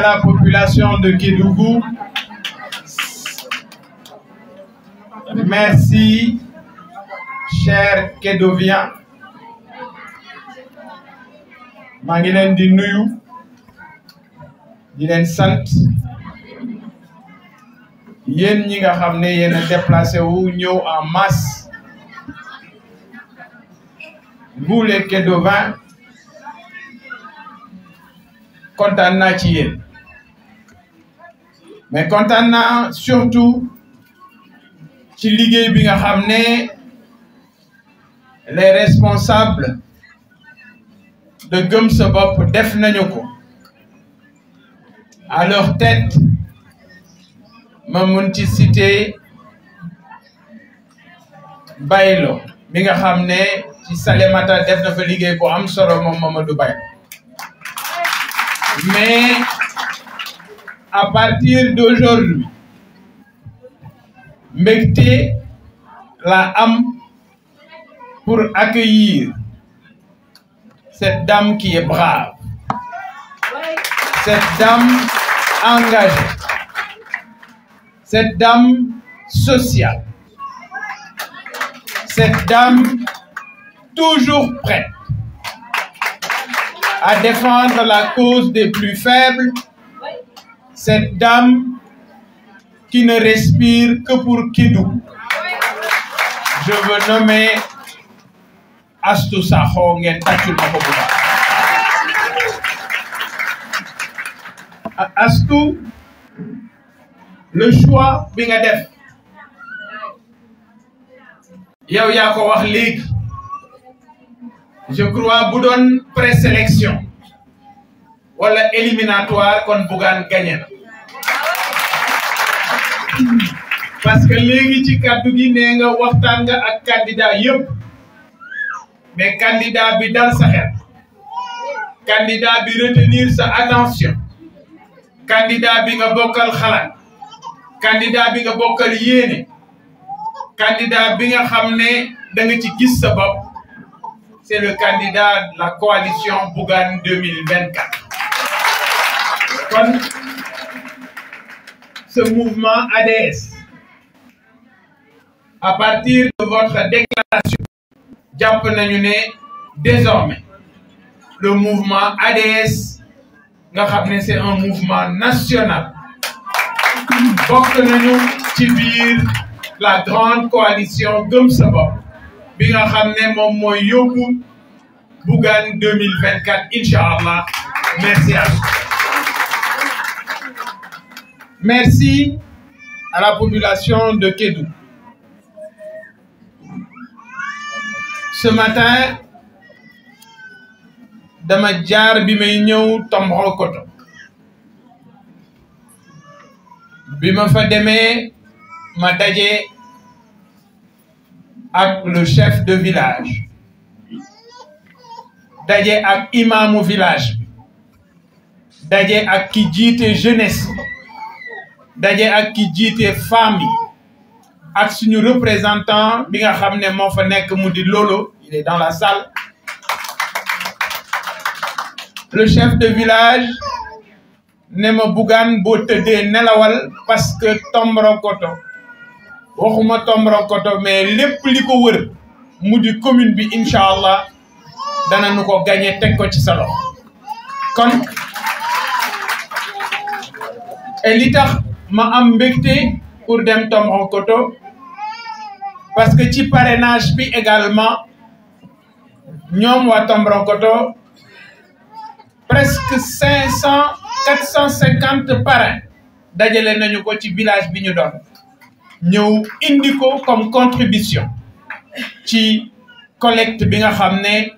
la population de Kédougou. Merci, chers Kédoviens. maa di nuyu di ñi nga déplacé en masse vous les Kédovins. ci mais kontaan naa surtout ci liggéey bi nga xamné les responsables de Gëm sa bopp def nañu ko à leur tête ma mun ci cité Baylo mi nga xamné ci salemata def na fa liggéey bu am solo moom Mamadou Baylo mais à partir d'aujourd'hui mettez la âme pour accueillir cette dame qui est brave cette dame engagée cette dame sociale cette dame toujours prête à défendre la cause des plus faibles cette dame qui ne respire que pour Kidou. Je veux nommer Astou Saho Astou, le choix Bingadef. Yao Yako Je crois Boudon présélection. wala éliminatoire kon Bougane gagné na parce que légui ci kaddu gi né nga waxtan nga ak candidat yépp mais candidat bi dal sa xel candidat bi retenir sa attention candidat bi nga bokal xalat candidat bi nga bokal yéene candidat bi nga xamné da nga ci gis sa bop c'est le candidat de la coalition Bougane 2024 ce mouvement ADS à partir de votre déclaration jàpp désormais le mouvement ADS c'est un mouvement national Nous la grande coalition comme ça. bien bi nga xam 2024 Inch'Allah. merci à vous Merci à la population de Kédou. Ce matin, dama jaar bi may ñëw le chef de village avec Imam au village d'ailleurs à ak jeunesse daje ak ki jité femme yi ak suñu représentant bi nga xamné mo fa nek mudi Lolo il est dans la salle le chef de village ne ma bo boo tëddee nelawal parce que Tomboronkoto waxuma Tomboronkoto mais lepp liko wër mudi commune bi inshallah dana nu gagner tek ko ci salon loxo kon et li tax ma am mbégte pour dem koto parce que ci parrainage bi également ñoom wa Tomboronkoto en koto presque 500, 450 parrain parrains dajale nañu ko ci village bi ñu doon ñëw indi ko comme contribution ci collecte bi nga xamné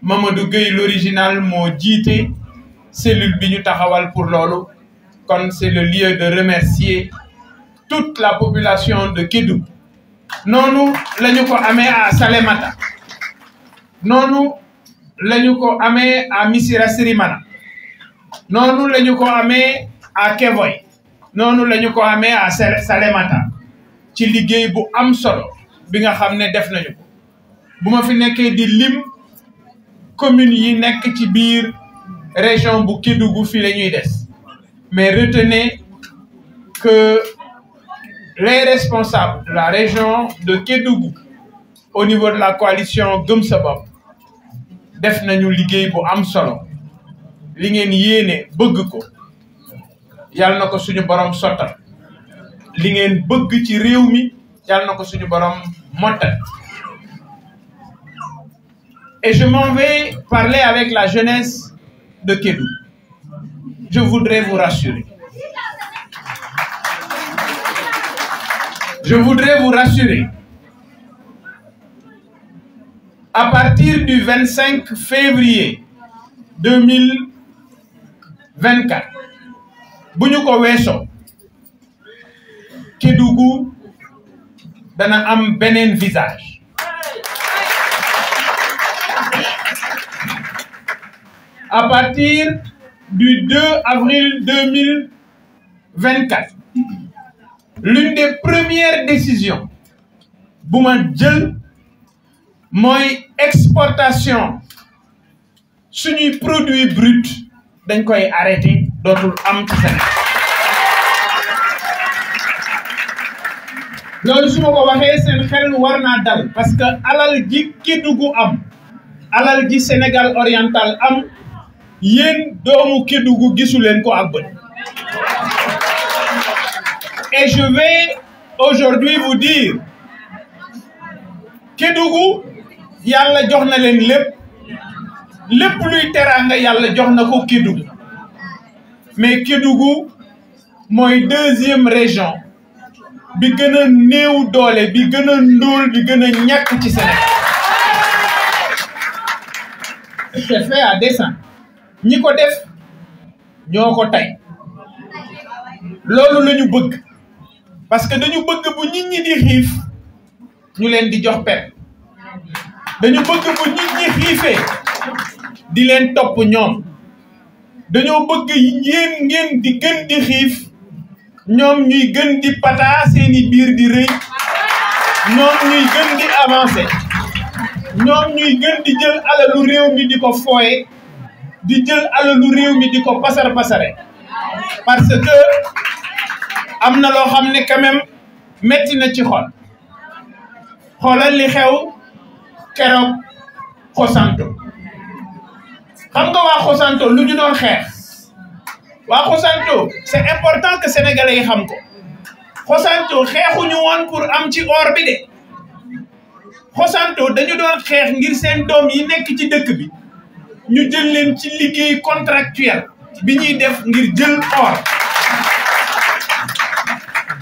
Mamadou Gueye l'original mo jité cellule bi ñu taxawal pour lolu comme c'est le lieu de remercier toute la population de Kidou. Non nous ñu ko amé à Salemata. Non nous ñu ko amé à Missira Sirimana Non nous ñu ko amé à Kevoy. Non nous ñu ko amé à Salémata ci liggéey bu am solo bi nga xam def nañu ko bu fi nekkee di lim communes yi nekk ci biir région bu kidougou fi lañuy ñuy des mais retenez que les responsables de la région de Kédougou au niveau de la coalition Gëm sa bopp un pour liggéey bu am solo li c'est yéene bëgg ko yàlla suñu borom sottal li ngeen bëgg ci réew mi suñu borom et je m'en vais parler avec la jeunesse de Kedougou je voudrais vous rassurer. Je voudrais vous rassurer. À partir du 25 février 2024, Kidougou, dana am benen visage à partir du 2 avril 2024 l'une des premières décisions bu ma produits bruts exportation suñuy produit brut dañ koy arrêté dootul am ci Sénégal loolu su ma ko waxee seen xel war dal parce que alal ji Kédougou am alal gi Sénégal oriental am yéen doomu Kédougou gisu ko ak bët et je vais aujourd'hui vous dire Kédougou yàlla jox na leen lépp lépp luy teranga yàlla jox na ko Kédougou mais Kédougou mooy deuxième région bi gën a néew doole bi gën a ndóol bi gën a ñàkk ci Sénégal c'est fait à dessein ñi ko def ñoo ko tey loolu lañu bëgg parce que dañu bëgg bu nit ñi di xiif ñu leen di jox pepp dañu bëgg bu nit xiifee di leen topp ñoom dañoo bëgg yéen ngeen di gën di xiif ñoom ñuy gën di pataa seeni biir di rëy ñoom ñuy gën di avancer ñoom ñuy gën di jël alalu réew mi di ko fooye di jël alalu réew mi di ko pasar pasare parce que am na loo xam ne quand même metti na ci xol xoolal li xew keroog xosanto xam nga waa xosanto lu ñu doon xeex waa xosanto c'est important que sénégalais yi xam ko xosanto xeexuñu woon pour am ci or bi de xosanto dañu doon xeex ngir seen doom yi nekk ci dëkk bi ñu jël leen ci liggéey contractuel bi ñuy def ngir jël or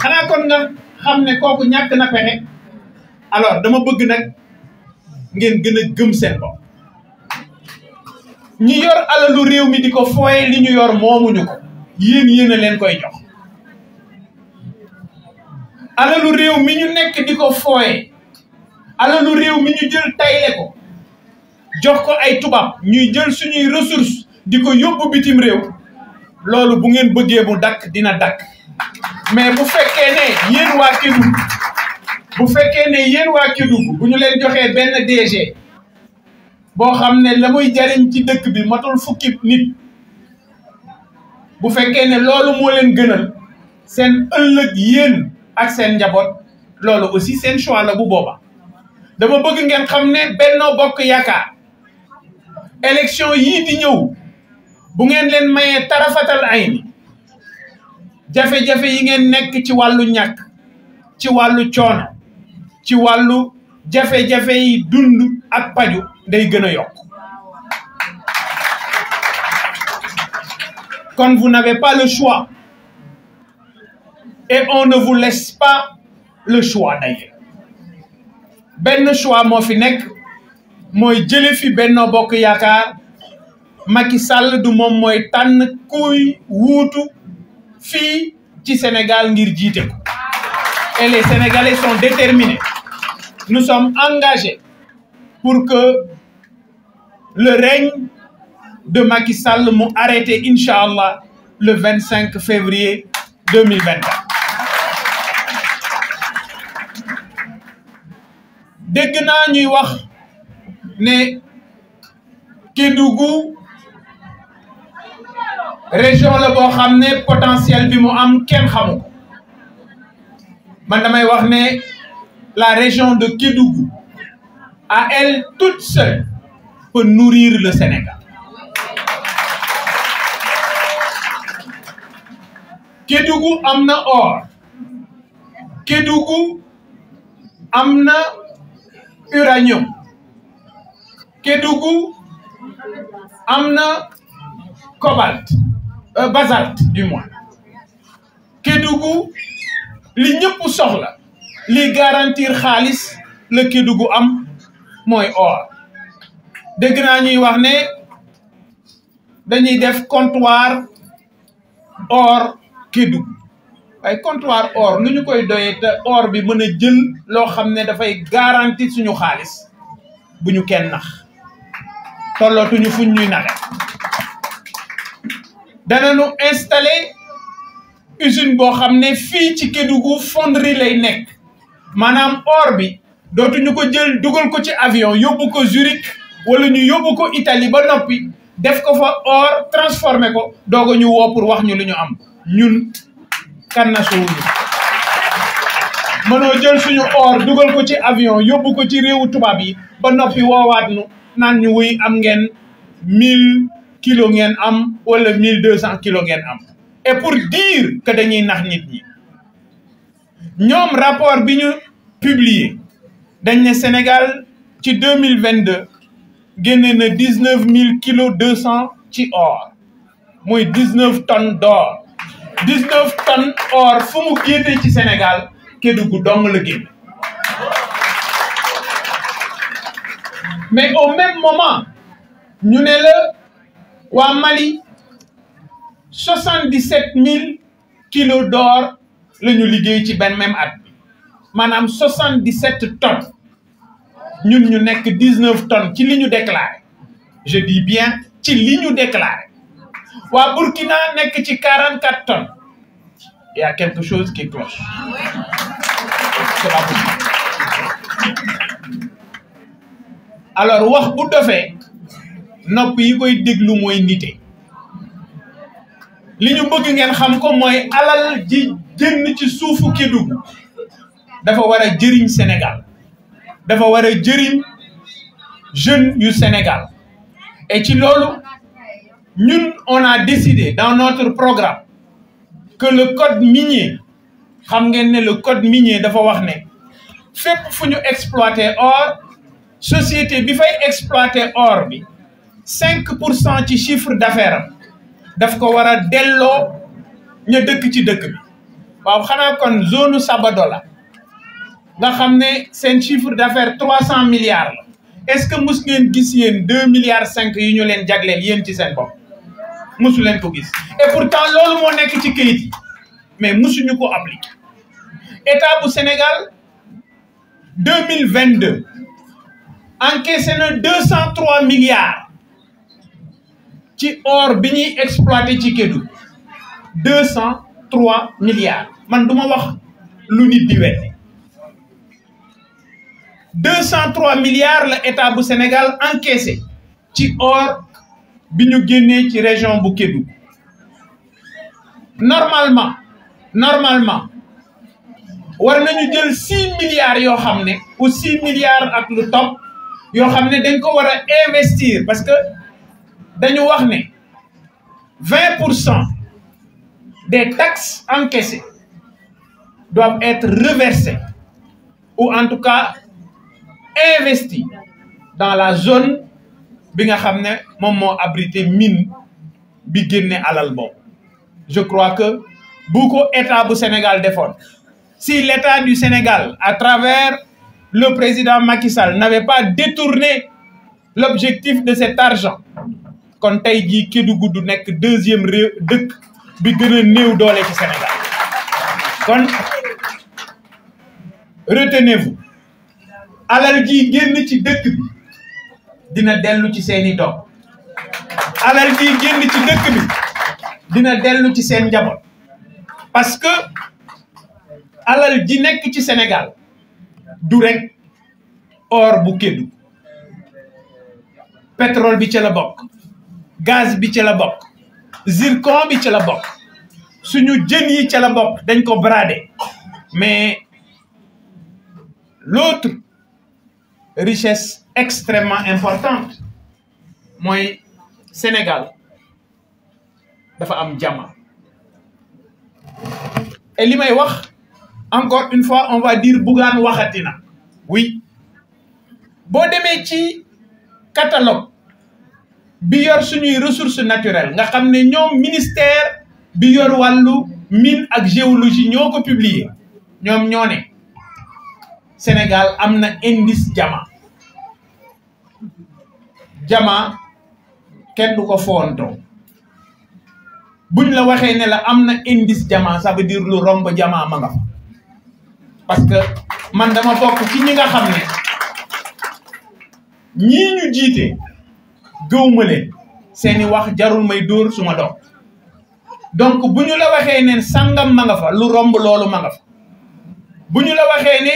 xanaa kon nga xam ne kooku ñàkk na pexe alors dama bëgg nag ngeen gën a gëm seen bopp ñi yor alalu réew mi di ko fooye li ñu yor moomuñu ko yéen yéen leen koy jox alalu réew mi ñu nekk di ko fooye alalu réew mi ñu jël tayle ko jox ko ay tubaab ñuy jël suñuy ressources di ko yóbbu bitim réew loolu bu ngeen bëggee mu dakk dina dakk mais bu fekkee ne yéen waa Kédougou bu fekkee ne yéen waa bu ñu leen joxee benn DG boo xam ne la muy jariñ ci dëkk bi matul fukki nit bu fekkee ne loolu moo leen gënal seen ëllëg yéen ak seen njaboot loolu aussi seen choix la bu booba dama bëgg ngeen xam ne Benno Bokk Yaakaar élection yi di ñëw bu ngeen leen mayé tarafatal ay ni jafé jafé yi ngeen nekk ci walu ñak ci walu choona ci walu jafé jafé yi dund ak paju day gëna yok quand vous n'avez pas le choix et on ne vous laisse pas le choix d'ailleurs ben choix mo fi nekk moy jële fi Benno Bokk Yaakaar Macky Sall du mom moy tan kuy wuutu fi ci Sénégal ngir jité ko et les Sénégalais sont déterminés nous sommes engagés pour que le règne de Macky Sall mu arrêté Inshallah, le 25 février 2024 dégg ñuy wax ne Kédougou région la bo xamné potentiel bi mu am kenn la région de Kédougou à elle toute seule peut nourrir le Sénégal Kédougou amna or Kédougou amna uranium Kédougou am na cobalt euh, basalte du moins Kédougou li ñëpp soxla li garantir xaalis la Kédougou am mooy or dégg naa ñuy wax ne dañuy def comptoir or Kédougou waaye comptoir or nu ñu koy doyee te or bi mën a jël loo xam ne dafay garantir suñu xaalis bu ñu kenn nax tollootuñu fuñ ñuy naxe danañu installé usine bo xamné fi ci Kédougou fonderie lay nekk manam or bi dootuñu ko jël dugal ko ci avion yóbbu ko Zurich wala ñu yóbbu ko Italie ba noppi def ko fa or transformer ko doog ñu wo pour wax ñu lu ñu am ñun kan na suñu mënoo jël suñu or dugal ko ci avion yóbbu ko ci réewu tubaab yi ba noppi woowaat nu nan avons 1000 kilo ou 1200 kg. et pour dire que nous nak nit ni. Nyom rapor le nyo publie. Senegal 2022 genne ne kg kilos 200 or. 19 tonnes d'or. 19 tonnes or fumou kiete Senegal du le mais au même moment ñu ne la waa Mali soixante-dix-sept mille kilos la ñu liggéey ci benn même at maanaam soixante dix ñun ñu nekk dix ci li ñu déclaré je dis bien ci li ñu déclaré waa Burkina nekk ci quarante-quatre quelque chose qui cloche. alors wax bu dofee nopi yi koy déglu moy nité li ñu bëgg ngeen xam ko moy alal ji génn ci suufu Kédougou dafa wara jëriñ Sénégal dafa wara a jëriñ jeunes yu Sénégal et ci loolu ñun on a décidé dans notre programme que le code minier xam ngeen ne le code minier dafa wax ne fépp fu ñu hors. or Société, il faut exploiter 5% du chiffre d'affaires doit être délégué dans le 2e degré. C'est-à-dire la zone de Sabadola, il faut un chiffre d'affaires de 300 milliards. Est-ce que nous avons vu 2,5 milliards d'unions qui y a déléguées dans le 2e degré Nous l'avons vu. Et pourtant, c'est ce qui est en Mais nous ne l'avons pas État au Sénégal, 2022, encaissé na deux cent trois milliards ci or bi ñuy exploité ci Kédougou deux cent trois milliards man du ma wax lu nit di weddi milliards la état bu Sénégal encaissé ci or bi ñu génnee ci région bu Kédougou normalement normalement war nañu jël six milliards yoo xam ne ou six milliards ak lu topp yo xamné investir parce que dañu wax des taxes encaissées doivent être reversées ou en tout cas investies dans la zone bi nga xamné mom mine bi génné alal je crois que beaucoup d'états état Sénégal défendent. si l'état du Sénégal à travers le président Macky Sall n'avait pas détourné l'objectif de cet argent kon tey jii Kédougou du nekk deuxième réew dëkk bi gën a ci Sénégal kon retenez-vous alal jii génn ci dëkk bi dina dellu ci seeni doom alal jii génn ci dëkk bi dina dellu ci parce que alal ji du ci Sénégal du or bu Kédougou pétrole bi ci la bokk gaz bi ci la bokk zircon bi ci la bokk suñu jën yi ci la bokk dañ ko brader mais l'autre richesse extrêmement importante moy Sénégal dafa am jàmm et limay wax encore une fois on va dire Bougane waxatina oui bo démé ci catalogue bi yor suñuy ressources naturelles nga xamné ñom ministère bi yor walu mine ak géologie ñoko publier ñom ñone Sénégal amna indice jama jama kenn du ko fonto buñ la waxé né la amna indice jama ça veut dire lu romb jama ma nga fa parce que man dama bokk ci ñi nga xam ne ñu jité gëwuma leen seeni wax jarul may dóor suma donc buñu la waxé né sangam ma nga fa lu romb lolu ma nga fa buñu la waxé né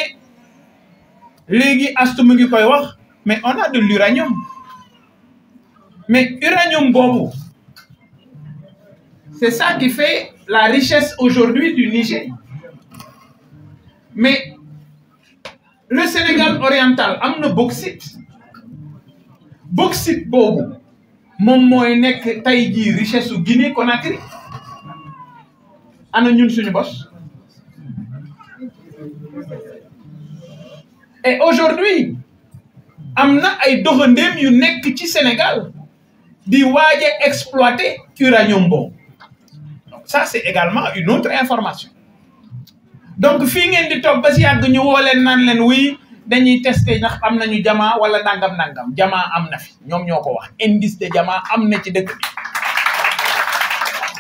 légui astu mu ngi koy wax mais on a de l'uranium mais uranium bobu c'est ça qui fait la richesse aujourd'hui du Niger mais le Sénégal oriental a une bauxite bauxite boobu mon mooy nek tey richesse Guinée Conakry ana ñun suñu boss. et aujourd'hui Amna y ay une yu nek Sénégal di waaj a exploiter uranium donc ça c'est également une autre information donc fi ngeen di toog ba si yàgg ñu leen wuy dañuy testé ndax am nañu jamaa wala nangam nangam jamaa am na fi ñoom ñoo wax de jamaa am ci dëkk bi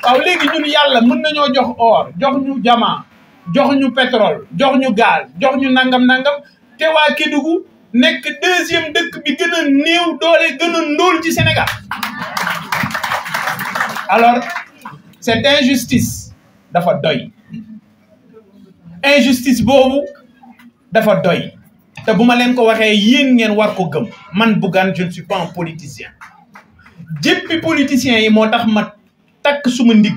waaw léegi ñun yàlla mën nañoo jox or jox ñu jamaa pétrole jox gaz jox ñu nangam nangam te waa deuxième dëkk bi gën a Sénégal alors cette injustice dafa doy. injustice boobu dafa doy te bu ma leen ko waxee yéen ngeen war ko gëm man Bougane je ne suis pas un politicien yi moo ndax ma takk suma ndigg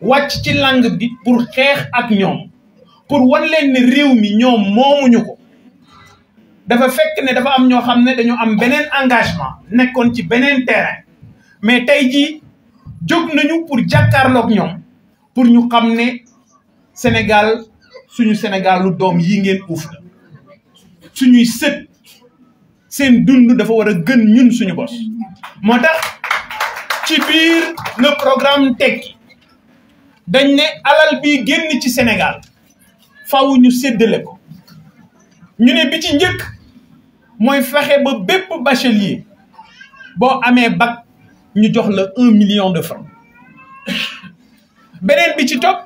wàcc ci langue bi pour xeex ak ñoom pour wan leen ne réew mi ñoom moomuñu ko dafa fekk ne dafa am ñoo xam ne dañoo am beneen engagement nekkoon ci beneen terrain mais tey jii jog nañu pour jàkkaarloog ñoom pour ñu xam ne Sénégal suñu Sénégal doom yi ngeen uuf la suñuy sët seen dund dafa war a gën ñun suñu bos moo tax ci biir le programme tekki dañ ne alal bi génn ci Sénégal faw ñu séddale ko ñu ne bi ci njëkk mooy fexe ba bépp bachelier boo amee bac ñu jox la un million de francs beneen bi ci topp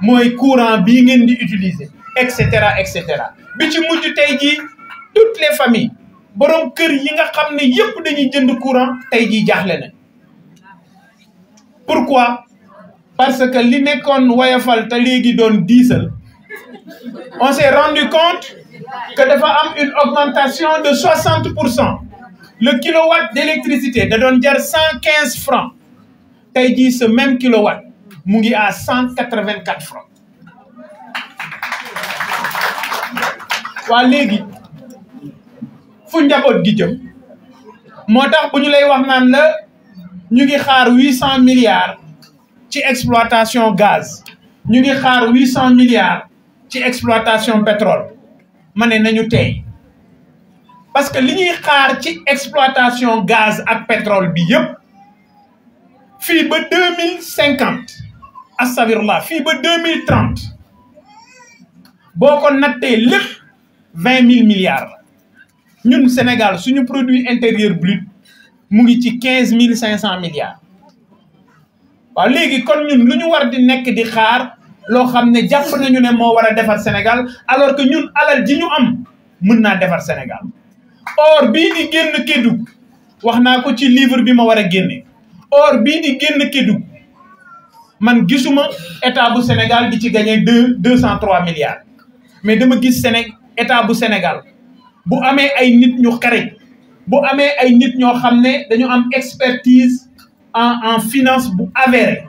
moy courant bi ngeen di utiliser et etc et cetera bi ci mujj toutes les familles borom kër yi nga xam ne yëpp dañuy jënd courant tey jii pourquoi parce que li nekkoon woyofal te léegi doon on s'est rendu compte que y am une augmentation de 60 le kilowatt d'électricité da doon jar 115 francs tey ce même kilowatt mu ngi à cent quatre vingt quatre francs waa léegi fu njaboot gi jëm moo tax bu ñu lay wax naan la ñu ngi xaar huit cent milliards ci exploitation gaz ñu ngi xaar huit cent milliards ci exploitation pétrole ma ne nañu tey parce que li ñuy xaar ci exploitation gaz ak pétrole bi yëpp fii ba deux la FIBE 2030. Si on a 20 000 milliards, nous, au Sénégal, si nous produisons intérieur brut, nous avons 15 500 milliards. Maintenant, nous devons attendre nous qu'on fait lo xamné japp nous né mo wara défar sénégal alors que nous alal ji ñu nous avons fait défar sénégal or bi di génn kédu waxna livre bi ma wara génné or bi fait génn kédu man gisuma état bu Sénégal bi ci gagner 2 203 milliards mais dama gis Séné état bu Sénégal bu amé ay nit ñu xaré bu amé ay nit ño xamné dañu am expertise en en finance bu avéré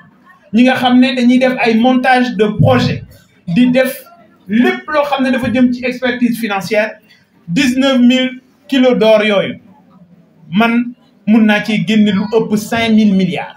ñi nga xamné dañuy def ay montage de projet di def lepp lo xamné dafa jëm ci expertise financière 19 000 kilos d'or yoy man mun naa ci génné lu ëpp 5000 milliards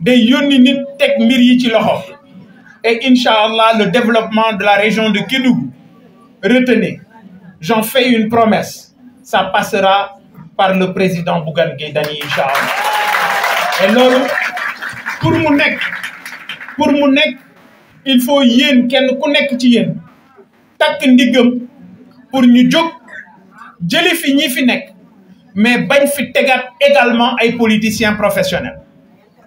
de yoni nit tek mbir yi ci loxo et inshallah, le développement de la région de Kédougou retenez j'en fais une promesse ça passera par le président Bougane Gueye inshallah et loolu pour mu nek pour mu nek il faut yéen kenn ku nek ci yéen tak ndigam. pour ñu jóg jëli fi ñi fi nek mais bañ fi tegaat également ay politiciens professionnels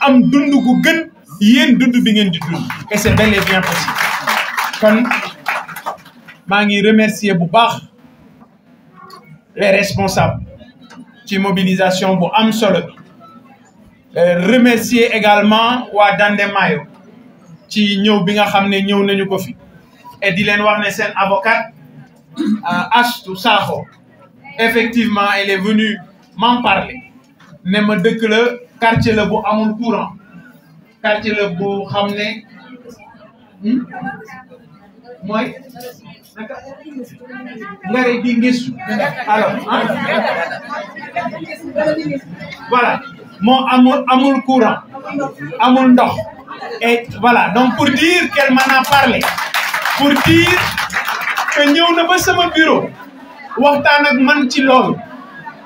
am gu gën yeen bi ngeen di et c'est bel et bien possible kon maa ngi remercier bu les responsables ci mobilisation bu am solo euh, également waa Dande Mayo ci ñëw bi nga xam ne nous nañu ko et di leen wax ne seen avocat euh, Astou effectivement elle est venue m'en parler ne ma le la quartier le bu amul courant quartier le bu hmm? di alors hein? voilà mon amul amul courant et voilà donc pour dire qu'elle m'en parlé pour dire que na ba sama bureau waxtaan ak man ci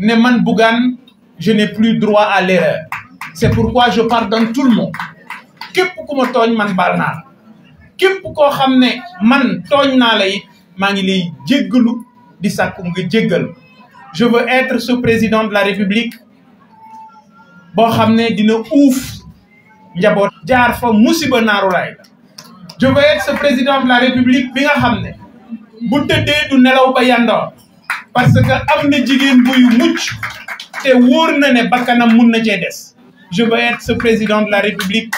ne man je n'ai plus droit à l'erreur c'est pourquoi je pardonne tout le monde Que pour ma tooñ man baal naa la képp ne man tooñ n'a la it maa ngi lay jéggalu di je veux être ce président de la république Je veux être dina uuf njaboot jaar fa je veux être ce président de la république bi nga de du parce que je veux être ce président de la république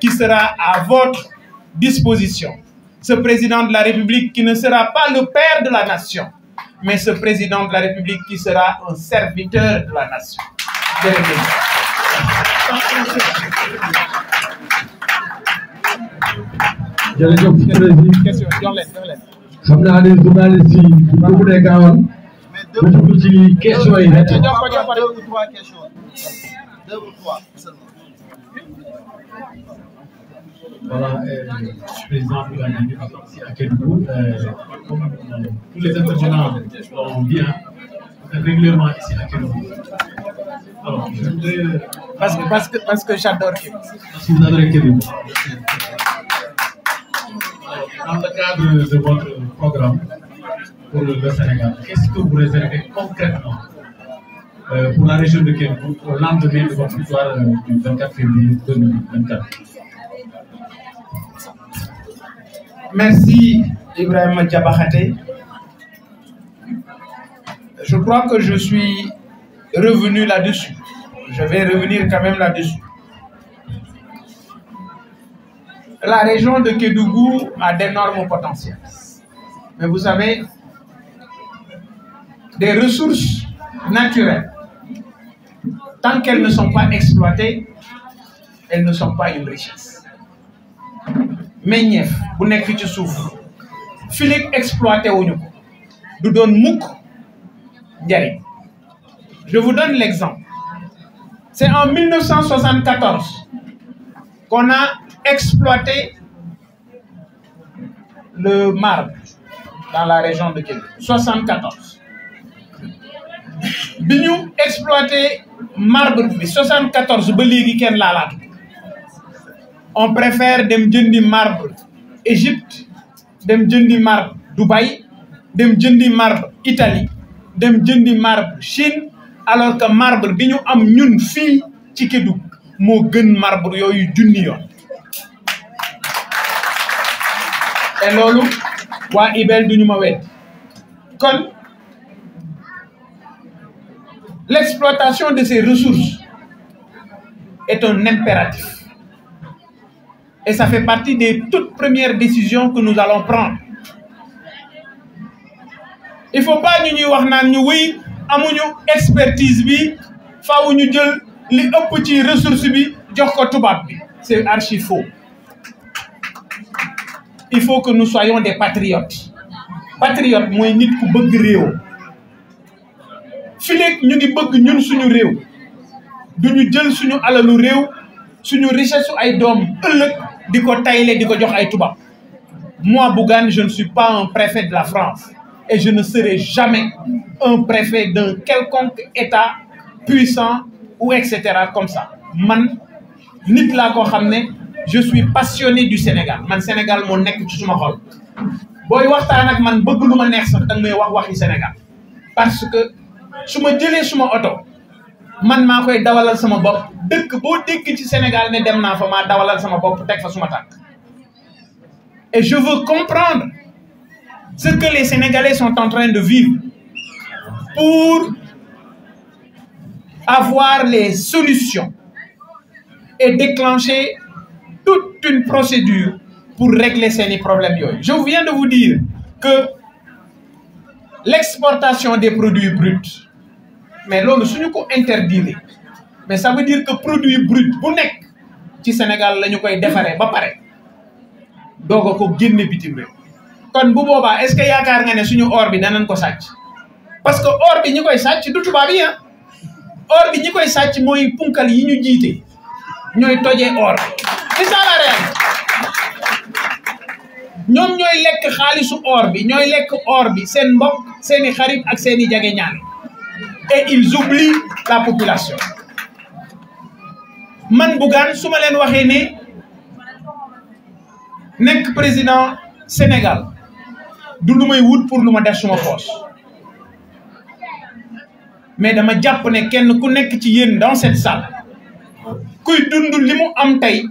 qui sera à votre disposition ce président de la république qui ne sera pas le père de la nation mais ce président de la république qui sera un serviteur de la nation ou trois questions ou ou trois Voilà, euh, je euh, à Kédougou. Euh, comme tous les intervenants sont bien, régulièrement ici à Alors, je Parce que, parce que, j'adore Parce que vous adorez Dans le cadre de votre programme, pour le Sénégal. Qu'est-ce que vous réservez concrètement euh, pour la région de Kédougou pour lendemain de votre victoire euh, du 24 février 2024 Merci Ibrahim Diabahate. Je crois que je suis revenu là-dessus. Je vais revenir quand même là-dessus. La région de Kédougou a d'énormes potentiels. Mais vous savez, des ressources naturelles, tant qu'elles ne sont pas exploitées, elles ne sont pas une richesse. Mais bu nekk exploité du je vous donne l'exemple c'est en 1974 qu'on a exploité le marbre dans la région de Québec. 74 biñu ñu exploité marbre bi 74 ba léegi kenn la on préfère dem jëndi marbre Égypte dem jëndi marbre Dubaï dem jëndi marbre Italie dem jëndi marbre Chine alors que marbre biñu am ñun fi ci Kédougou mo gën marbre yoyu junni yoon et lolu wa IBEL duñu ma kon L'exploitation de ces ressources est un impératif. Et ça fait partie des toutes premières décisions que nous allons prendre. Il ne faut pas nous dire que avons une expertise bi nous avons jël li ëpp ressource bi c'est archi faux il faut que nous soyons des patriotes Patriotes. nit fi nekk ñu ngi bëgg ñun suñu réew duñu jël suñu alalu réew suñu richesse su ay doom ëllëg di ko tayle di ko jox ay bas. moi Bougane je ne suis pas un préfet de la France et je ne serai jamais un préfet d'un quelconque état puissant ou etc. comme ça man nit laa koo xam je suis passionné du Sénégal man Sénégal moo nekk ci suma xol booy waxtaan ak man bëgg luma neex sax danga may wax waxi Sénégal parce que et je veux comprendre ce que les Sénégalais sont en train de vivre pour avoir les solutions et déclencher toute une procédure pour régler ces problèmes. Je viens de vous dire que l'exportation des produits bruts mais lolu suñu ko interdire mais ça veut dire que produit brut bu nek ci Sénégal lañu koy défaré ba paré dogo ko génne bitim rek kon bu boba est ce que yaakaar nga né suñu or bi nanan ko sàcc parce que or bi ñi koy sàcc du tuba bi hein ah. or bi ñi koy sàcc punkal yi ñu jité ñoy tojé or ci sa la réel ñom ñoy lek xaalisu or bi ñoy lek or bi sen mbokk seni xarit ak seni jage ñaan et ils oublient la population man Bougan, su ma leen waxee président Sénégal du lu may pour lu ma force suma poche mais dama jàpp ne kenn ku nekk ci dans cette salle kuy dund li mu am tey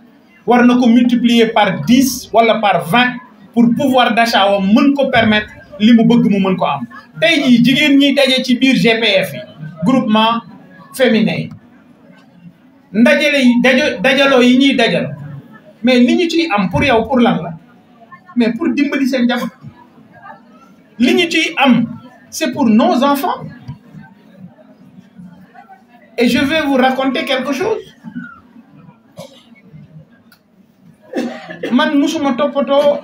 war multiplier par 10 wala par 20 pour pouvoir d'achat wam mën ko permettre li bëgg mu mën ko am tey jii jigéen ñi daje ci biir GPF groupement féminin ndajale yi mais li ñu ciy am pour yow pour lan mais pour dimbali seen ont li ñu am c'est pour nos enfants et je vais vous raconter quelque chose man musuma toppatoo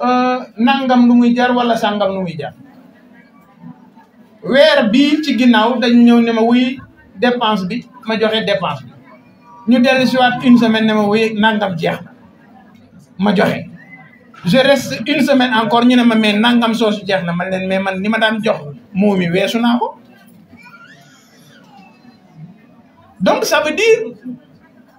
Euh, nangam lu muy jar wala sàngam lu muy jar weer bii ci ginnaaw dañ ñëw ne ma wuy dépense bi ma joxe dépense bi ñu dellu si waat une semaine ne ma wuy nangam jeex ma joxe je une semaine encore ñu ne ma mais nangam soosu jeex na man leen mais man ni ma daan jox moo mi weesu naa ko donc ça veut dire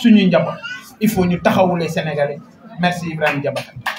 suñuy njaboot il faut ñu taxawu les Sénégalais merci Ibrahima Diabate.